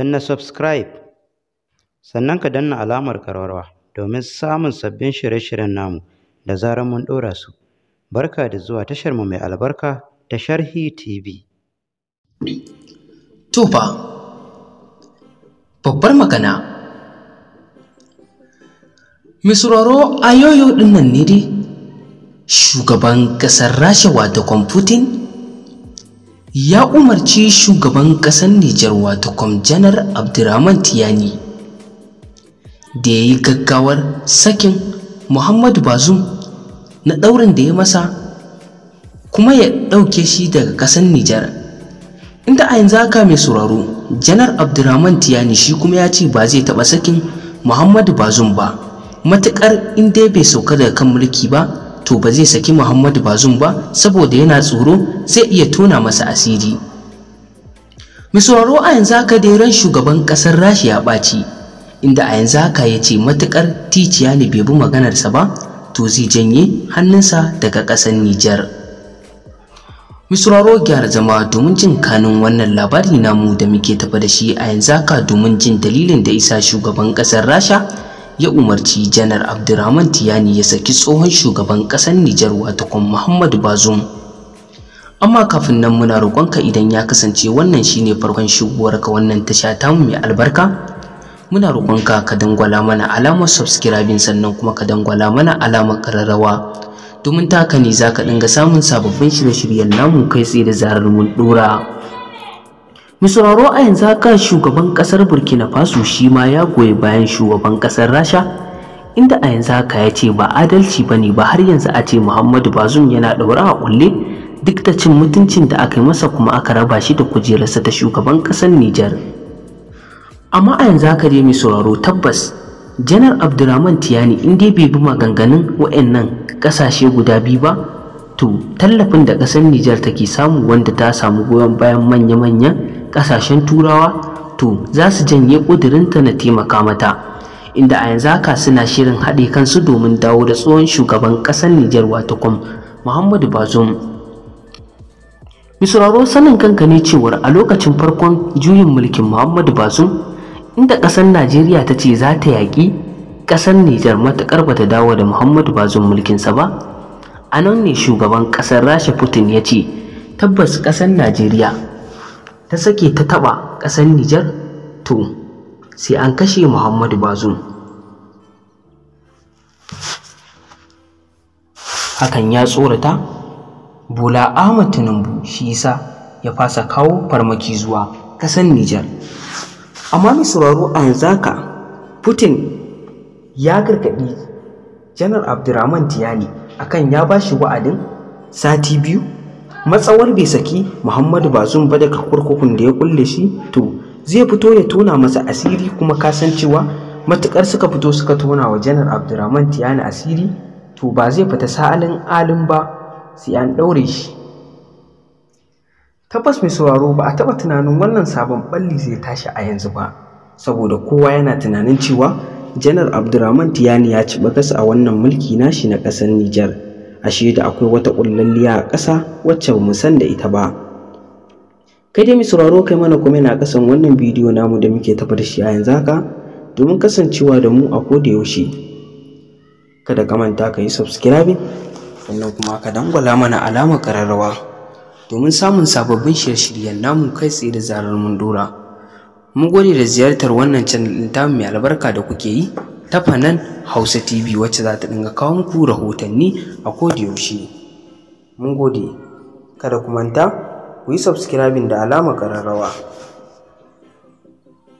na subscribe sannan ka danna alamar karwarwa domin samun sabbin shirye-shiryen namu da zarar mun ɗora su barka da zuwa tashar mu mai albarka ta sharhi tv tufa babbar magana misraro ayoyo yoyo ɗin nan ne dai shugaban ƙasar rasha da kwamfutin ya umarci shugaban ƙasar Nijar wato kwamjanar Abdurrahman Tiyani da ya yi gaggawar sakin Muhammadu Bazum na ɗaurin da ya masa kuma ya ɗauke shi daga ƙasar Nijar inda a yanzu haka mai sauraro janar Abdurrahman Tiyani shi kuma ya ce ba zai taɓa sakin Muhammadu Bazum ba matuƙar in bai sauka daga kan mulki ba to ba zai saki Muhammadu Bazum ba saboda yana tsoro zai iya tona masa asiri. Misauraro a yanzu haka da ran shugaban ƙasar Rashi ya ɓaci, inda a yanzu haka ya ce matuƙar ticiya ne bai bi maganarsa ba, to zai janye hannunsa daga ƙasar Nijar. Misauraro gyara zama domin jin kanun wannan labari namu da muke tafa da shi a yanzu haka domin jin dalilin da isa shugaban ƙasar Rasha ya umarci janar abdurrahman tiyani ya saki tsohon shugaban kasar nijar wato kun muhammadu bazum amma kafin nan muna roƙonka idan ya kasance wannan shine farkon shigowar ka wannan tasha tamu mai albarka muna roƙonka ka dangwala mana alamar subscribing sannan kuma ka dangwala mana alamar ƙararrawa domin ta haka ne za ka dinga samun sababbin shirye-shiryen namu kai tsaye da zarar mun ɗora mai a yanzu haka shugaban kasar burkina faso shi ma ya goyi bayan shugaban kasar rasha inda a yanzu haka ya ce ba adalci ba ne ba har yanzu a ce muhammadu bazum yana ɗaura a kulle duk da cin mutuncin da aka yi masa kuma aka raba shi da kujerarsa ta shugaban kasar nijar amma a yanzu haka dai mai sauraro tabbas janar abdurrahman tiyani in dai bai bi maganganun wa'annan kasashe guda biyu ba to tallafin da kasar nijar take samu wanda ta samu goyon bayan manya-manyan ƙasashen turawa to za su janye ƙudurinta na taimaka mata inda a yanzu haka suna shirin haɗe kansu domin dawo da tsohon shugaban ƙasar Nijar wato kwam Muhammadu Bazoum. Misraro sanin kanka ne cewar a lokacin farkon juyin mulkin Muhammadu Bazoum inda ƙasar Najeriya ta ce za ta yaƙi ƙasar Nijar matuƙar ba ta dawo da Muhammadu Bazoum mulkinsa ba. A nan ne shugaban ƙasar Rasha Putin ya ce tabbas ƙasar Najeriya ta sake ta taɓa ƙasar Nijar to sai an kashe Muhammadu Bazum. Hakan ya tsorata, Bola Ahmad Tinubu shi yasa ya fasa kawo farmaki zuwa ƙasar Nijar. Amma mai sauraro a yanzu haka Putin ya gargaɗi Janar Abdurrahman Tiyani akan ya ba shi wa'adin sati biyu matsawar bai saki muhammadu bazum ba daga kurkukun da ya kulle shi to zai fito ya tona masa asiri kuma cewa matukar suka fito suka tona wa janar abdurrahman tiyani asiri to ba zai fita sa'alin alin ba sai an ɗaure shi tabbas mai sauraro ba a taɓa tunanin wannan sabon balli zai tashi a yanzu ba saboda kowa yana tunanin cewa janar abdurrahman tiyani ya ci bagas a wannan mulki nashi na ƙasar nijar ashe da akwai wata ƙullalliya a ƙasa wacce mu san da ita ba kai dai mu sauraro kai mana kuma na kasan wannan bidiyo namu da muke tafa shi a yanzu haka domin kasancewa da mu a koda yaushe kada ka manta ka yi subscribe sannan kuma ka dangwala mana alamar kararrawa domin samun sababbin shirye-shiryen namu kai tsaye da zarar mun dora mun gode da ziyartar wannan channel ɗin tamu mai albarka da kuke yi ta fanan hausa tv wacce za ta dinga kawo muku rahotanni a yaushe mun gode kada ku manta ku yi subscribing da alama kararrawa